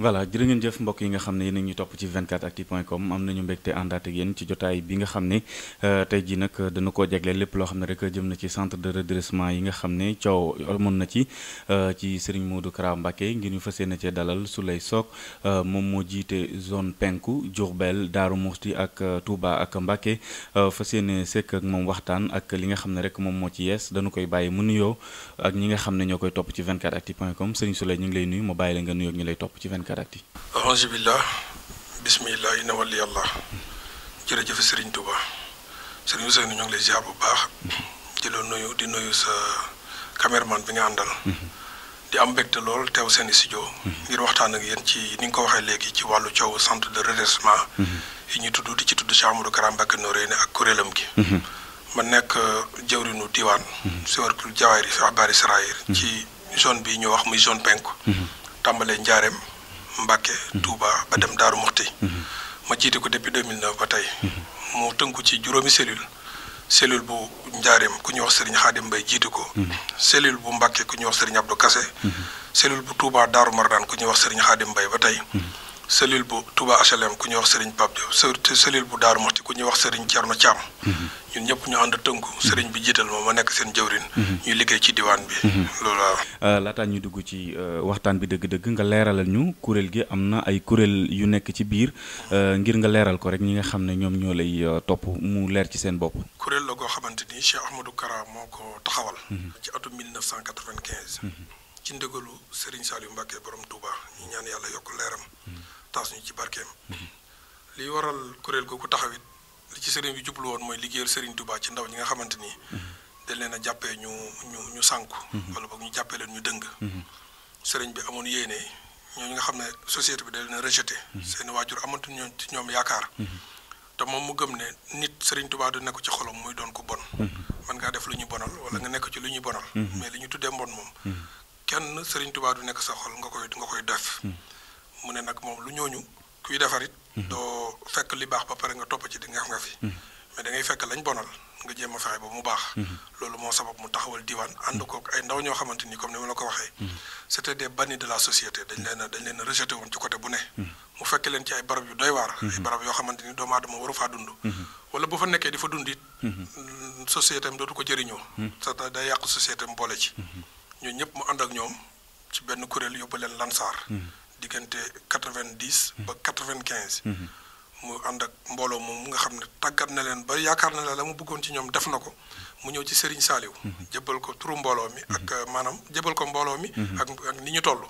voilà jërë ngeen jëf mbokk yi nga xam ne yéen a ngi topp ci 24actu.com am nañu mbégte àndaat ak yéen ci jotaay bi nga xam ne euh, tey jii nag dana koo jagleel lépp loo xam ne rek jëm na ci centre de redressement yi nga xam ne coow amoon na ci euh, ci Serigne Modou Kara Mbacké ngir ñu fas yéene cee dalal Souleye Sock euh, moom moo jiite zone penku Diourbel Daaru Muxti ak Touba ak Mbacké fas yéene sekk ak moom waxtaan ak li nga xam ne rek moom moo ci yees dañu koy bàyyi mu nuyoo ak ñi nga xam ne ñoo koy topp ci 24actu.com Serigne Souleye ñu ngi lay nuyu karati alhamdulilah bismillah inna wali allah jërëjëf sëriñ Touba sëriñ Ousseynou ñoo ngi lay ziar bu baax di la nuyu di nuyu sa caméraman bi nga àndal di am mbégte lool teew seen studio ngir waxtaan ak yéen ci ni nga ko waxee léegi ci wàllu coow centre de redressement yi ñuy tudd di ci tudd Cheikh Amadou Kara Mbacké ak kuréelam gi ma nekk euh, jëwrinu diwaan siwarkul jawaar yi fi abaari saraayir ci zone bi ñu wax muy zone penku tàmbalee njaareem Mbacke Touba ba dem Daaru moxti mhm. ma jiite ko depuis 2009 ba tey moo mhm. tënku ci juróomi cellule cellule bu Njaareem ku ñuy wax Serigne Khadim mbay jiite ko mhm. cellule bu Mbacke ku ñuy wax ab Abdou Kassé cellule bu Touba Daaru Marnaan ku ñuy wax Serigne Khadim mbay ba tey cellule bu tubaa HLM ku ñuy wax Serigne Pape Diop cellule bu Daaru Muxti ku ñuy wax Serigne Thierno Thiam. Mm-hmm. ñun ñëpp ñu ànd tënku mm-hmm. Serigne bi jiital ma ma nekk seen jëwrin mm-hmm. ñu liggéey ci diwaan bi. loolu waaw. Euh, laataa ñu dugg ci euh, waxtaan bi dëgg-dëgg nga leeralal ñu kuréel gi am na ay kuréel yu nekk ci biir euh, ngir nga leeral ko rek ñi nga xam ne ñoom ñoo lay topp mu leer ci seen bopp. kuréel la goo xamante ni Cheikh Ahmadou Kara moo ko taxawal. ci atum 1995. ci ndëgalu Serigne Saliou Mbacke borom Touba ñu ñaan yàlla yokk leeram. taas ñu ci barkeem li waral kuréel googu taxawit li ci sëriñ bi jublu woon mooy liggéeyal sëriñ Touba ci ndaw ñi nga xamante ni dañ leen a jàppee ñu ñu ñu sànku wala boog ñu jàppee leen ñu dëng sëriñ bi amoon yéene ñooñu nga xam ne société bi da leen a rejeté seen waajur amatu ñoom ci ñoom yaakaar te moom mu gëm ne nit sëriñ Touba du nekk ci xolom muy doon ko bon man ngaa def lu ñu bonal wala nga nekk ci lu ñuy bonal mais li ñu tuddee mbon moom kenn sëriñ Touba du nekk sa xol nga koy nga koy def mu ne nag moom lu ñooñu kuy defarit mhm. doo fekk li baax ba pare nga topp ci di ngaf nga fi mais da ngay fekk lañ bonal nga jéem a fexe ba mu baax mhm. loolu moo sabab mu taxawal diwaan mhm. ànd kook ay ndaw ñoo xamante ni comme ni ma la ko waxee c'était des bannis de la société dañ leen a leen a woon ci côté bu ne mu fekk leen ci ay barab yu doy waar ay barab yoo xamante ni doomu aadama waru faa dund wala bu fa nekkee di fa dund it mm, société dootu ko jëriñoo sa day yàq société am boole ci ñun ñëpp mu ànd ak ñoom ci benn kuréel yóbbu leen lansaar diggante quatre-vingt-dix. Hmm. ba quatre-vingt-quinze. Hmm. mu ànd ak mbooloo moom mu nga xam ne tàggat na leen ba yaakaar na la la mu bëggoon ci ñoom def na ko mu ñëw ci sëriñ Saliou. Hmm. jëbal ko turu mbooloo mi. ak euh, maanaam jëbal ko mbooloo mi. ak ni ñu toll.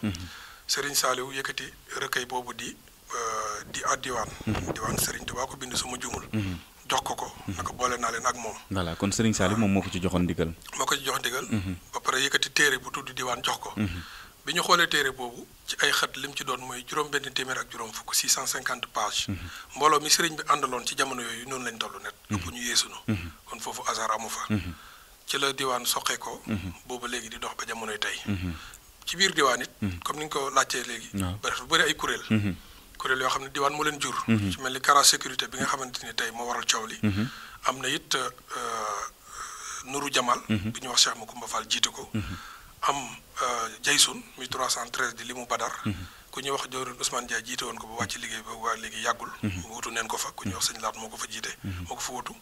Serigne Saliou yëkkati recueil boobu di euh, di addiwaan. diwaan Serigne waa ko bind suma jumul. jox ko ko. naka boole naa leen ak moom. voilà kon Serigne Saliou ah. moom moo ko ci joxoon ndigal. moo ko ci jox ndigal. ba pare yëkkati téere bu tudd diwaan jox ko. bi ñu xoolee téere boobu. ci ay xët lim ci doon mooy juróom benn téeméer ak juróom fukk 650 pages. Mhm. mbooloo mi sëriñ bi àndaloon ci jamono yooyu noonu lañ toll net. ëpp mhm. ñu yeesunu mhm. kon foofu hasard amu fa. ci la diwaan soqe ko. boobu léegi di dox ba jamonoy tey. ci biir diwaan it. comme ni nga ko laajtee léegi. dafa bëri ay kuréel. kuréel yoo xam ne diwaan moo leen jur. ci mel ni Kara sécurité bi nga xamante ni tey moo waral coow li. am na it euh, euh, Nuru Jamal. bi ñu wax Cheikh Makumba Fall jiite ko. am euh, Jaysun mi 313 di li mu Badar. Mm-hmm. ku ñuy wax Diouroune Ousmane Ndiaye jiite woon ko ba wàcc liggéey ba waa léegi yàggul. mu mm-hmm. wutu neen ko fa ku ñuy wax sëñ Laat moo ko fa jiite. Mm-hmm. moo ko fa wutu.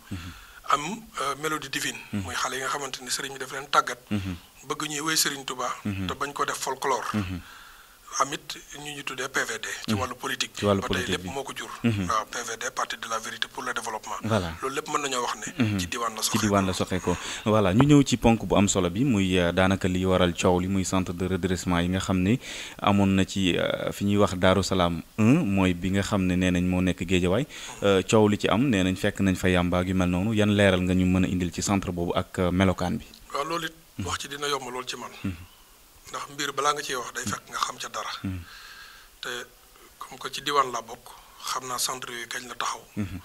am euh, mélodie divine. mooy xale yi nga xamante ni sëriñ bi def leen tàggat. bëgg ñuy wéy sëriñ tubaa te bañ ko def folklore. amit ñu ñu tuddee PVD. ci mm-hmm. wàllu politique. ci wàllu politique lépp moo ko jur. Mm-hmm. waaw PVD parti de la vérité pour le développement. loolu lépp mën nañoo wax ne. Mm-hmm. ci diwaan la soxee ko ci ñu ñëw ci ponk bu am solo bi muy euh, daanaka li waral coow li muy centre de redressement yi nga xam ne amoon na ci euh, fi ñuy wax Daaru Salaam mooy bi nga xam ne nee nañ moo nekk Géejawaay euh, coow li ci am nee nañ fekk nañ fa yàmbaag yu mel noonu yan leeral nga ñu mën a indil ci centre boobu ak melokaan bi. waaw loolu ci dina ndax mbir balaa nga ciy wax day fekk nga xam ca dara. Mm-hmm. te comme que ci diwaan laa bokk xam naa centre yi kañ la taxaw. Mm-hmm.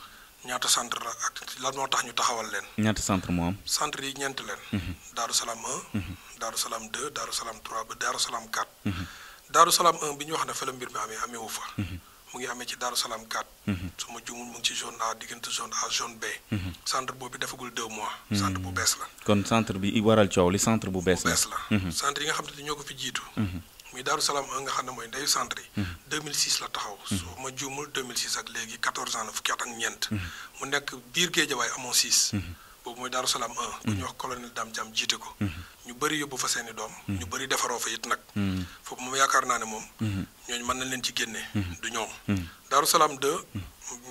ñaata centre la ak lan moo tax ñu taxawal leen. ñaata centre moom am. centre yi ñeenti leen. Mm-hmm. Daaru Salaam 1. Daaru Salaam 2 Daaru Salaam 3 ba Daaru Salaam 4. Daaru Salaam 1 bi ñu wax ne fa la mbir mi amee amee wu fa. mu ngi amee ci Daaru Salaam 4. Mhm. su ma juumul mu ngi ci zone A diggante zone A zone B. Mhm. centre boobu defagul deux mois. Mhm. centre bu bees la. kon centre bi waral coow li centre bu bees la. centre yi nga xam ne ñoo ko fi jiitu. muy Daaru Salaam nga xam ne mooy ndeyu centre yi. 2006 la taxaw. su ma juumul 2006 ak léegi 14 ans la fukki at ak ñeent. mu nekk biir Géejawaay amoon 6. boobu mooy Daaru Salaam 1. bu ñuy wax colonel dam Thiam jiite ko. Mm-hmm. ñu bëri yóbbu fa seeni doom. Mm-hmm. ñu bëri defaroo fa it nag. Mm-hmm. foofu moom yaakaar naa ne moom. ñooñu mën na leen ci génne. du ñoom. Daaru Salaam 2.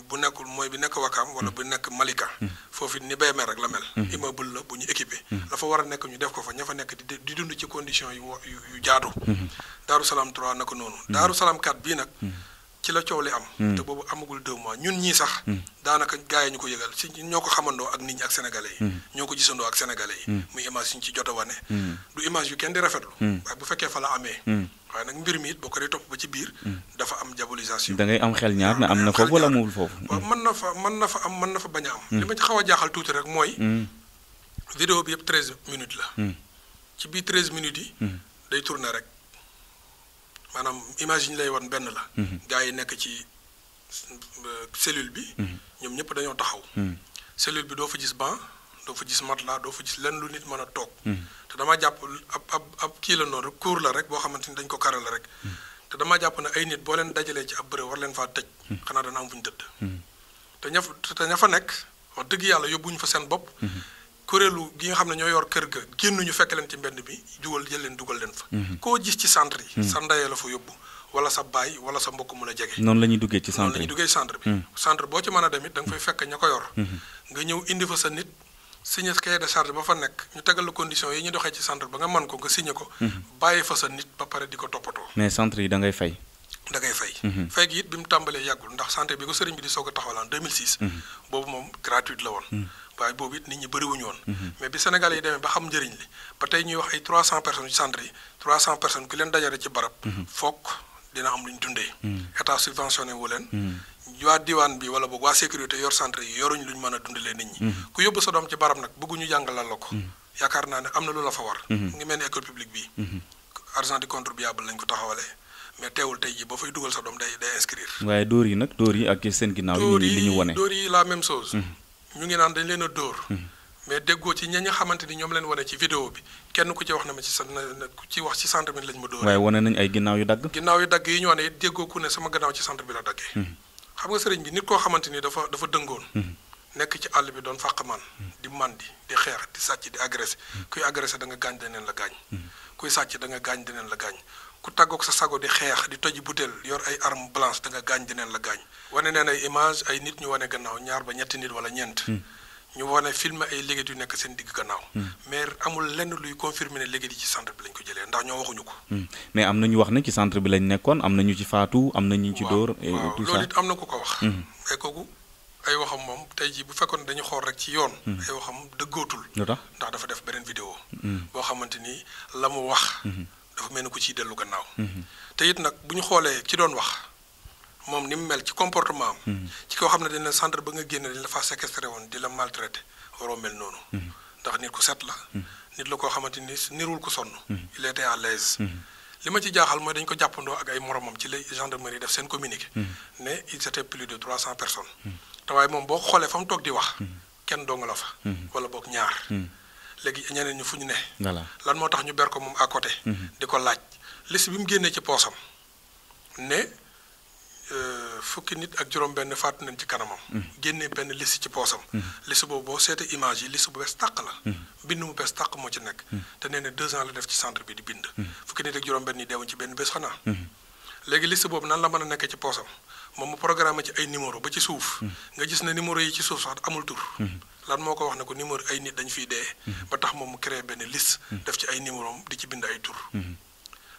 bu nekkul mooy bi nekk Wakaam wala bu nekk Malika. foofu it ni Bébé rek la mel. immeuble la bu ñu équipé. la fa war a nekk ñu def ko fa ña fa nekk di di dund ci condition yu yu jaatu Daaru Salaam 3 naka noonu. Daaru Salaam bii nag. ci la coow li am. Hmm. te boobu amagul deux mois ñun ñii sax. Hmm. daanaka gaa yi ñu ko yëgal si ñoo ko xamandoo ak nit ñi ak sénégalais yi. Hmm. ñoo ko gisandoo ak sénégalais yi. muy image yu ñu ci jot a wane. du image yu kenn di rafetlu. waaye bu fekkee fa la amee. waaye nag mbir mi it boo ko dee topp ba ci biir. dafa am diabolisation. da ngay am xel ñaar ne am na foofu wala amul foofu. waaw mën na fa man na fa am mën na fa bañ am. li ma ci xaw a jaaxal tuuti rek mooy. video bi yëpp treize la. ci biir treize minutes yi. day tourner rek. maanaam image yi lay wan benn la. Mhm. gars yi nekk ci euh, cellule bi. Mhm. ñoom ñëpp dañoo taxaw. Mhm. cellule bi doo fa gis banc doo fa gis matelas doo fa gis lenn lu nit man a toog. te dama jàpp ab ab ab kii la noonu cour la rek boo xamante ni dañ ko kare rek. te dama jàpp ne ay nit boo leen dajalee ci ab bërëb war leen faa tëj. xanaa dana am fu ñu tëdd. te ña fa te ña fa nekk wax dëgg yàlla yóbbuñu fa seen bopp. kuréelu gi nga xam ne ñoo yor kër ga ñu fekk leen ci mbedd bi jugal jël leen dugal leen fa. Mhm. koo gis ci centre yi. Mhm. sa ndayee la fa yóbbu wala sa baay wala sa mbokk mun a jege. noonu la ñuy duggee ci centre la ñuy duggee centre bi. Mhm. centre boo ci mën a dem it da nga fay fekk ña ko yor. nga ñëw indi fa sa nit. signé cahier de charge ba fa nekk ñu tegal la condition yi ñu doxee ci centre ba nga mën ko nga signé ko. bàyyi fa sa nit ba pare di ko toppatoo. mais centre yi da ngay fay. dangay ngay fay. Mhm. fay gi it bi mu tàmbalee yàggul ndax santé bi ko sëriñ bi di soog a taxawal en 2006. Mhm. boobu moom gratuite la woon. Mhm. waaye boobu it nit ñi bëriwuñu woon. mais bi Sénégal yi demee ba xam njëriñ li ba tey ñuy wax ay 300 personnes ci centre yi 300 personnes ku leen dajale ci barab. fokk dina am lu ñu dundee. état subventionné wu leen. waa diwaan bi wala boog sécurité yor centre yi yoruñ lu ñu mën a dundalee nit ñi. ku yóbbu sa doom ci barab nag bëgguñu jàngalal la ko. yaakaar naa ne am na lu la fa war. ngi mel ni école publique bi. argent du contribuable lañ ko taxawalee. mais teewul tey jii ba fay dugal sa doom day day waaye dóor yi nag dóor yi ak seen ginnaaw. li ñu li ñu yi la même chose. Mhm. ñu ngi naan dañ leen a dóor. Mhm. mais déggoo ci ña nga xamante ni ñoom leen wane ci vidéo bi kenn ku ci wax na ma ci sa ku ci wax ci centre bi lañ ma dóor. waaye wane nañ ay ginnaaw yu dagg. ginnaaw yu dagg yi ñu wane it déggoo ku ne sama gannaaw ci centre bi la daggee. Mhm. xam nga sëriñ bi nit koo xamante ni dafa dafa dëngoon. nekk ci àll bi doon fàqamaan di mandi di xeex di sàcc di agressé kuy agressé da nga gaañ deneen la gaañ kuy sàcc da nga gaañ deneen la gaañ ku tàggook sa sago di xeex di toji butéel yor ay arme blanche da nga gaañ dineen la gaañ wane neen ay image ay nit ñu wane gannaaw ñaar ba ñetti nit wala ñeent hmm. ñu wane filmer ay liggéey yu nekk seen digg gannaaw. Hmm. mais amul lenn luy confirmer ne liggéey yi ci centre bi lañ ko jëlee ndax ñoo waxuñu ko. Hmm. mais am na ñu wax ne ci centre bi lañ nekkoon am na ñu ci faatu am na ñu ci dóor. tout loolu it am na ku ko wax. ay kooku ay waxam moom tey jii bu fekkoon dañu xool rek ci yoon. ay waxam dëggootul. ndax dafa def beneen vidéo. boo xamante ni la mu wax. dafa mel ni ku ciy dellu gannaaw. Mhm. te it nag bu ñu xoolee ci doon wax moom ni mu mel ci comportement am. Mhm. ci koo xam ne dañ la centre ba nga génne dañ la faa séquestré woon di la maltraité waroo mel noonu. Mhm. ndax nit ku set la. nit la koo xamante ni nirul ko sonn. il à l'aise li ma ci jaaxal mooy dañ ko jàppandoo ak ay moromam ci la gendarmerie def seen communique ne ils étaient plus de trois cent personnes. te waaye moom boo xoolee fa mu toog di wax. kenn dong la fa. wala boog ñaar. léegi ñeneen ñu fu ñu ne. lan moo tax ñu ber ko moom ak côté. Mhm. di ko laaj liste bi mu génnee ci poosam ne euh, fukki nit ak juróom-benn faatu nañ ci kanamam. Mhm. génnee benn liste ci poosam. Mhm. liste boobu boo seetee image yi liste bu bees tàq la. bind mu bees tàq moo ci nekk. te nee na deux ans la def ci centre bi di bind. fukki nit ak juróom-benn yi deewuñ ci benn bés xanaa. léegi liste boobu nan la mën a nekkee ci poosam moom mu programme ci ay numéro ba ci suuf. nga gis ne numéro yi ci suuf sax amul tur. lan moo ko wax ne ko numéro ay nit dañ fiy dee. Mhm. ba tax moom mu créé benn liste. Mhm. def ci ay numéro di ci bind ay tur. Mhm.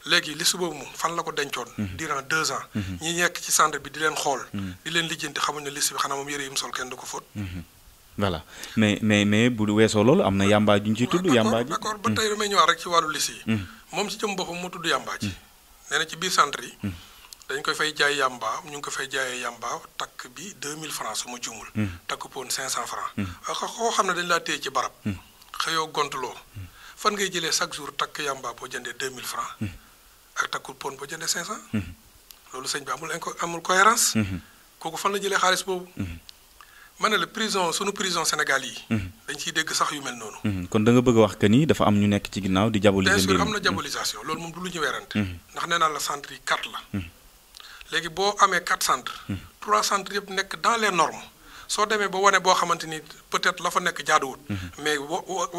léegi liste boobu moom fan la ko dencoon. durant deux ans. ñi nekk ci centre bi di leen xool. di leen lijjanti xamuñ ne liste bi xanaa moom yëre yi mu sol kenn du ko fóot. voilà mais mais mais bu weesoo loolu am na yàmbaa ji ñu ciy tudd. yàmbaa rek ci wàllu liste yi. moom ci jëm boppam mu tudd yàmbaa ji. ci biir centre yi. dañ koy fay jaay yàmba ñu ngi ko fay jaayee yàmba takk bi 2000 francs su ma juumul. Hmm. takk poon 500 francs hmm. ah, koo xam ne dañ laa téye ci barab. Hmm. xëyoo gontuloo fan ngay jëlee chaque jour takk yàmba boo jëndee 2000 francs ak takku poon boo jëndee 500. loolu sëñ bi amul inco amul cohérence kooku fan la jëlee xaalis boobu. ma ne la prison sunu prison Sénégal yi. dañ ciy dégg sax yu mel noonu. kon da nga bëgg a wax que ni dafa am ñu nekk ci ginnaaw di. diaboliser bien sûr am na diabolisation moom du lu ñu weerante. ndax nee naa la centre yi carte la. léegi boo amee quatre centres. Hmm. trois centres yëpp nekk dans les normes soo demee ba wane boo xamante ni peut-être la fa nekk jaaduwut. Hmm. mais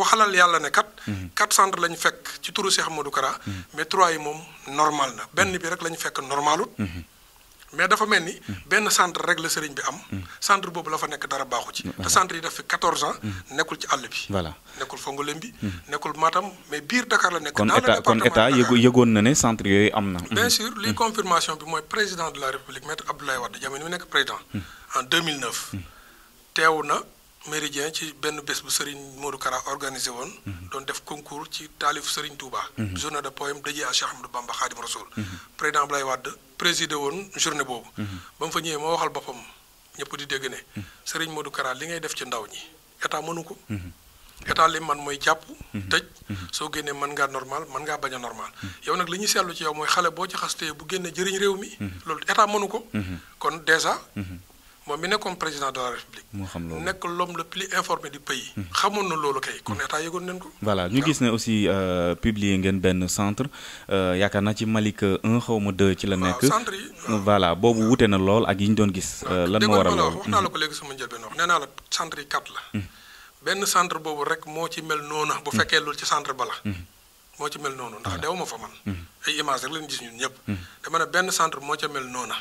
waxalal yàlla ne kat. Hmm. quatre centres la ñu fekk ci turu Cheikh du Kara. mais trois yi moom normal na benn bi rek la ñu fekk normalut. mais dafa mel ni benn centre rek la sëriñ bi am. centre boobu la fa nekk dara baaxu ci. te centre yi daf fi 14 ans. nekkul ci àll bi. voilà nekkul Fongolembi. nekkul Matam mais biir Dakar la nekk. dans le département kon état kon état na ne centre yooyu am na. bien mm. sûr li mm. confirmation bi mooy président de la république maître Abdoulaye Wade jamono mi nekk président. Mm. en 2009. teew na. méridien ci benn bés bu Serigne Modou Kara organisé woon. Mhm. doon def concours ci taalif Serigne Touba. Mhm. journée de poème dédiée à Cheikh Ahmadou Bamba Khadim Rasoul. Mhm. président Abdoulaye Wade présidé woon journée boobu. ba fa ñëwee moo waxal boppam ñëpp di dégg ne. Serigne Modou Kara li ngay def ci ndaw ñi état mënu ko. état li man mooy jàpp. tëj soo génnee mën ngaa normal mën ngaa bañ a normal. yow nag li ñu seetlu ci yow mooy xale boo ci xastee bu génnee jëriñ réew mi. loolu état mënu ko. kon dèjà. moom mi nekkoon président de la république. moo xam loolu nekk l'homme le plus informé du pays. xamoon na loolu kay kon hmm. état yëgoon nañ ko. voilà ñu gis ne aussi euh, publier ngeen benn centre euh, yaakaar naa ci Malick 1 xaw ma 2 ci la nekk. centre boobu wute na lool ak yi ñu doon gis. Ah, euh, lan moo waral loolu wax naa la ko léegi sama njëlbeen wax nee naa la centre yi kat la. Hmm. benn centre boobu rek moo ci mel noonu. bu hmm. fekkee loolu ci centre ba la. moo ci mel noonu ndax dew ma fa man. ay image rek lañu gis ñun ñëpp. dama ne benn centre moo ca mel noonu.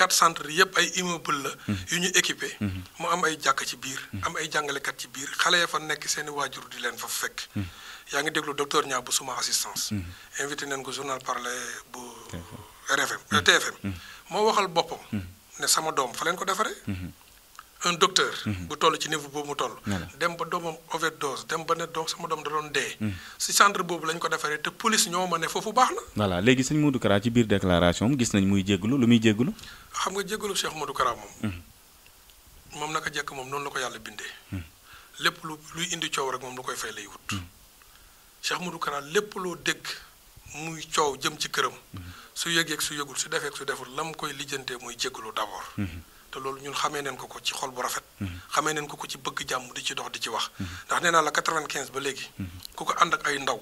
quatre centres yëpp ay immeuble la. Mhm. yu ñu équipe mhm. mu am ay jàkk ci biir. Mhm. am ay jàngalekat ci biir xale ya fa nekk seeni waajur di leen fa fekk. yaa ngi déglu doctor Niang bu suma assistance. invité nañ ko journal parlé bu. RFM TFM. moo waxal boppam. ne sama doom fa leen ko defaree. un docteur. Mhm. bu toll ci niveau boobu mu toll. dem ba doomam overdose dem ba ne doom sama doom da doon dee. Mhm. si centre boobu lañ ko defaree te police ñoo ma ne foofu baax na. voilà léegi sëñ Modou Kara ci biir déclaration am gis nañ muy jégalu lu muy jégalu. xam nga jégalu Cheikh Modou Kara moom. Mhm. moom naka jekk moom noonu la ko yàlla bindee. lépp lu luy indi coow rek moom lu koy fay Cheikh Modou Kara lépp loo dégg muy coow jëm ci këram. su yëgeeg su yëgul su defeek su deful la mu koy lijjantee muy jégalu d' abord. te loolu ñun xamee neen ko ko ci xol bu rafet. Mhm. xamee neen ko ko ci bëgg jàmm di ci dox di ci wax. Mhm. ndax nee naa la 95 ba léegi. Mhm. ku ko ànd ak ay ndaw.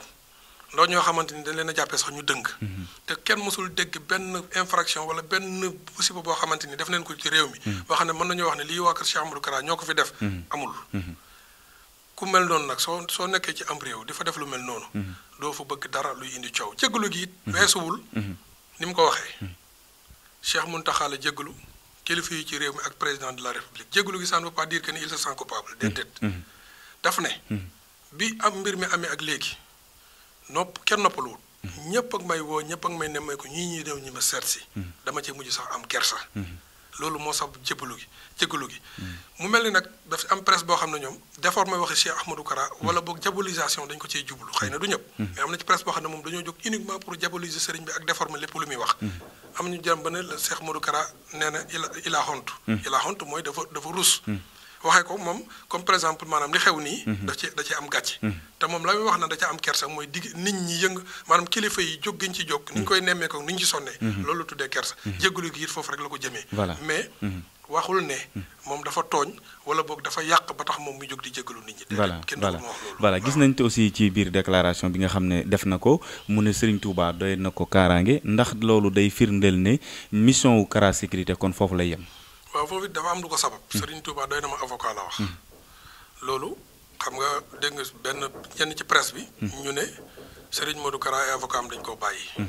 ndaw ñoo xamante ni dañ leen a jàppee sax ñu dëng. te kenn mësul dégg benn infraction wala benn musiba boo xamante ni def neen ko ci réew mi. boo xam ne mën nañoo wax ne lii waa kër Cheikh Amadou Kara ñoo ko fi def. amul. ku mel noonu nag soo soo nekkee ci am réew di fa def lu mel noonu. doo fa bëgg dara luy indi coow jéggalu gi it. weesuwul ni mu ko waxee. Cheikh mun la jéggalu. kilifa yi ci réew mi ak président de la république jégalu gi saanu ne veut pas dire que ni il se sent coupable. Mm-hmm. déedéet. Mm-hmm. daf ne. Mm-hmm. bi am mbir mi amee ak léegi nopp kenn noppaluwut. ñëpp ak may woo ñëpp ak may nemmeeku ñii ñuy ñëw ñi ma seet si. dama ci mujj sax am kersa. loolu moo sab jébbalu gi jéggalu gi hmm. mu mel ni nag daf am presse boo xam ne ñoom déformé waxi Cheikh Ahmadou Kara hmm. wala boog diabolisation dañ ko ciy jublu xëy na du ñëpp hmm. mais am na ci presse boo xam ne moom dañoo jóg uniquement pour diaboliser sëriñ bi ak déformer lépp lu muy wax am ñu jëm ba ne Cheikh Ahmadou Kara nee na il a il a mooy dafa dafa rus waxee ko moom comme par exemple maanaam li xew nii. Mhm. da ci da ci am gàcce. Mhm. te moom la wax na da ca am kersa mooy digg nit ñi yëng maanaam kilifa yi jóg giñ ci jóg. Mhm. ni ñu koy nemmee ko ni ñu ci sonnee. loolu la tuddee kersa. jégalu gi it la ko jëmee. mais waxul ne. moom dafa tooñ wala boog dafa yàq ba tax moom mu jóg di jégalu nit ñi. voilà voilà voilà gis nañ te aussi ci biir déclaration bi nga xam ne def na ko mu ne Serigne Touba doy na ko kaaraange ndax loolu day firndeel ne mission wu Sécurité kon foofu lay yem. waaw foofu it dafa am lu ko sabab. Hmm. Serigne Touba doy na ma avocat la wax. Hmm. loolu xam nga dégg benn ñenn ci press bi. Hmm. ñu ne Serigne Modou Kara ay avocat am dañ koo bàyyi.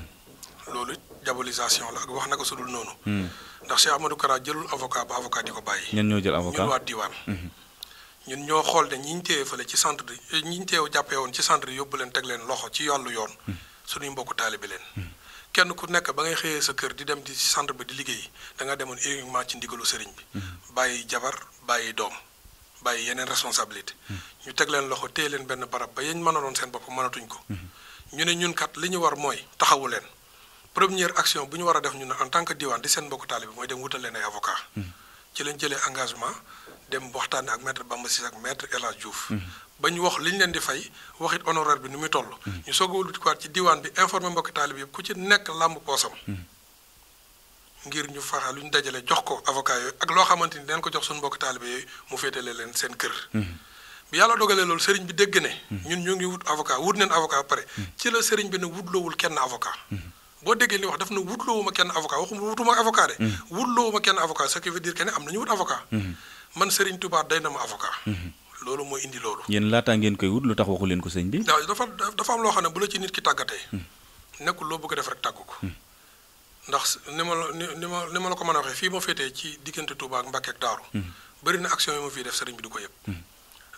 loolu diabolisation la ak wax na ko su dul noonu. ndax Cheikh Amadou Kara jëlul avocat ba avocat di ko bàyyi. ñun ñoo jël avocat ñun waa diwaan. ñun ñoo xool ne ñi ñu téye fële ci centre yi ñi ñu téye jàppee woon ci centre yi yóbbu leen teg leen loxo ci yàllu yoon. suñuy mbokku bi leen. kenn ku nekk ba ngay xëyee sa kër di dem di centre bi di liggéey danga nga demoon uniquement ci ndigalu sëriñ bi. Mhm. bàyyi jabar bàyyi doom bàyyi yeneen responsabilité. Mhm. ñu teg leen loxo téye leen benn barab ba a doon seen bopp mënatuñ ko. Mhm. ñu ne ñun kat li ñu war mooy taxawu leen première action bu ñu war a def ñu ne en tant que diwaan di seen mbokk taalibe mooy dem wutal leen ay avocat ci lañ jëlee engagement dem waxtaan ak maître Bamba Cissé ak maître El Hadj Diouf. ba ñu wax li ñu leen di fay waxit honoraire bi nu muy toll. Hmm. ñu soog a wëlbatikuwaat ci diwaan bi informé mbokki taalib yëpp ku ci nekk làmb poosam. Hmm. ngir ñu faxa lu ñu dajale jox ko avocat yooyu ak loo xamante ni dinañ ko jox suñu mbokki taalibe yooyu mu féetale leen seen kër. Hmm. bi yàlla dogalee loolu sëriñ bi dégg ne. ñun ñu ngi wut avocat wut neen avocat pare. ci la sëriñ bi ne wutloowul kenn avocat. boo déggee li wax daf na wutloowuma kenn avocat waxuma wutuma avocat de. kenn avocat ce qui veut am nañu wut avocat. man sëriñ Tuubaa day na ma avocat. loolu mooy indi loolu. yéen laataa ngeen koy wut lu tax waxu leen ko sëñ bi. waaw dafa dafa am loo xam ne bu la ci nit ki tàggatee. Hmm. nekkul loo bëgg def rek tàggu ko. Hmm. ndax ni ma la ni ma ni ma la ko mën a waxee fii ma féetee ci diggante Touba ak Mbacke ak Daaru. Hmm. bëri na action yi ma fiy def sëriñ bi du ko yëpp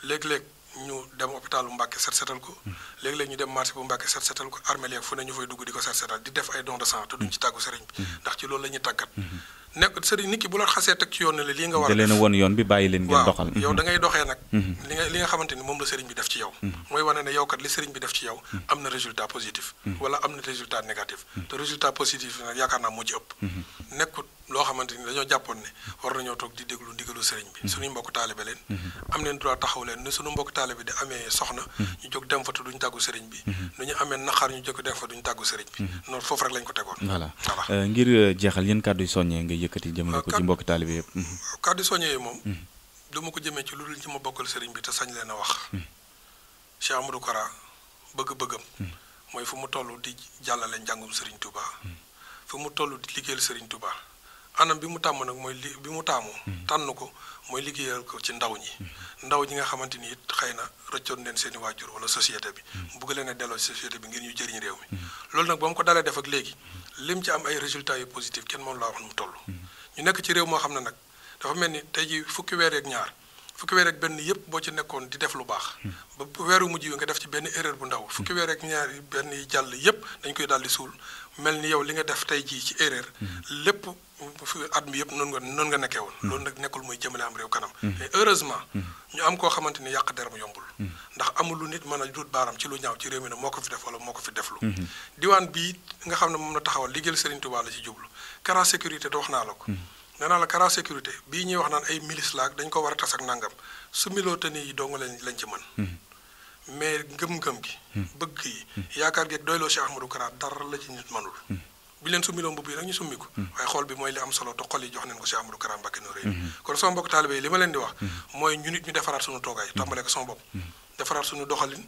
léeg-léeg ñu dem hôpital bu Mbacke set setal ko. léeg-léeg ñu dem marché bu Mbacke set setal ko armée léegi fu ne ñu fay dugg di ko set setal di def ay don de duñ ci tàggu sëriñ ndax ci loolu la ñuy tàggat. nekk sëriñ nit ki bu la xasee teg ci yoon ne lii nga war a def da leen woon yoon bi mhm. mhm. nga li nga def mhm. na résultat positif wala am na te ni dañoo jàppoon ne war nañoo toog di déglu ndigalu sëriñ bi suñuy mbokk taalibe leen am neen droit taxaw leen ni suñu mbokk taalibe di amee soxna ñu jóg dem fa te duñ tàggu sëriñ bi nu ñu amee naqar ñu jóg dem fa duñ tàggu ko tegoon voilà euh, ngir euh, jeexal yéen kàddu soññee yëkkati jëmale ah, ko ci mbokki taalibe yëpp. waaw mm-hmm. mm-hmm. kàddu soññe yi moom. Mm-hmm. du ma ko jëmee ci lu dul ci ma bokkal sëriñ bi te sañ leen a wax. Cheikh du Kara bëgg-bëggam. mooy fu mu toll di jàllale njàngum sëriñ Touba. fu mu toll di liggéeyal sëriñ Touba anam bi mu tàmm nag mooy li bi mu tàmm tànn ko mooy liggéeyal ko ci ndaw ñi. ndaw ñi nga xamante ni it xëy na rëccoon leen seen i waajur wala société bi. mu bëgg leen a delloo société bi ngir ñu jëriñ réew mi. loolu lim ci am ay résultat yu positif kenn moom laa wax mu toll. ñu nekk ci réew moo xam ne nag dafa mel ni tey jii fukki weer ak ñaar fukki weer ak benn yëpp boo ci nekkoon di def lu baax. ba weeru mujj yi nga def ci benn erreur bu ndaw. fukki weer ak ñaar benn yi jàll yëpp dañ koy daal di suul. mel ni yow li nga def tey jii ci erreur. Mm-hmm. lépp at mi yëpp noonu nga noonu nga nekkee woon. Mm-hmm. loolu nag nekkul muy jëmale am réew kanam. mais mm-hmm. heureusement. ñu am koo xamante ni yàq der mu yombul. ndax amul lu nit mën a duut baaram ci lu ñaaw ci réew mi ne moo ko fi def wala moo ko fi lu diwaan bii nga xam ne moom la taxawal liggéeyal Serigne Touba la ci jublu Kara sécurité te wax naa la ko. nee naa la Kara sécurité bii ñuy wax naan ay milice laag dañ ko war a tas ak nangam su miloo lañ lañ mën. mais ngëm-ngëm gi. Hmm. bëgg yi hmm. yaakaar gi ak doyloo Cheikh Ahmadou Kara taral la ci nit manul. Hmm. bi leen summiloo mbubb yi rek ñu summi ko. waaye xool bi mooy li am solo te xol yi jox neen ko Cheikh Ahmadou Kara Mbacké Noreyni. kon sama mbokk taalibe yi li ma leen di wax. mooy ñu nit ñu defaraat suñu toogaay tàmbalee ko sama bopp. defaraat suñu doxalin.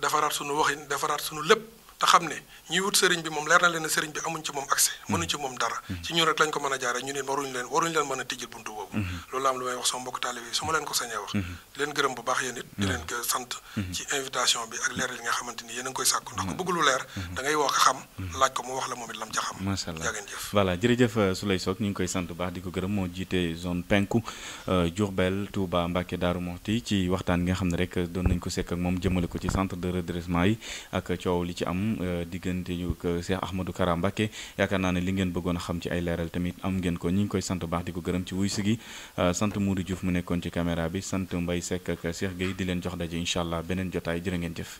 defaraat suñu waxin defaraat suñu lépp. te xam ne ñuy wut sëriñ bi moom leer na leen ne sëriñ bi amuñ ci moom accès mm. mënuñ ci moom dara mm. ci ñun rek lañ ko mën a jaare ñu ne waruñu leen waruñu leen mën a tijjil buntu boobu mm-hmm. loolu am lu may wax sama mbokk taalibe yi su ma leen ko mm-hmm. leen gërëm bu baax yéen mm-hmm. leen ko sant ci bi ak leeral yi nga xamante ni yéen a koy sàkku ndax ku bëgg lu leer da ngay ko xam laaj ko mu wax la moom it lam ca xam macha allah jaageen jëf voilà jërëjëf euh, Souleye ñu ngi koy sant baax di ko gërëm moo jiite zone penku euh, Diourbel Touba Mbacké Daaru Muxti ci waxtaan nga xam ne rek doon nañ ko sekk ak moom jëmale ko ci centre de redressement yi ak coow li ci am am euh, diggante yu Cheikh Ahmadou Kara Mbacké yaakaar naa ne li ngeen bëggoon a xam ci ay leeral tamit am ngeen ko ñi ngi koy sant baax di ko gërëm ci wuy si gi euh, sant Moudou juuf mu nekkoon ci caméra bi sant mbay Seck ak Cheikh Gueye di leen jox daje incha allah beneen jotaay jërë ngeen jëf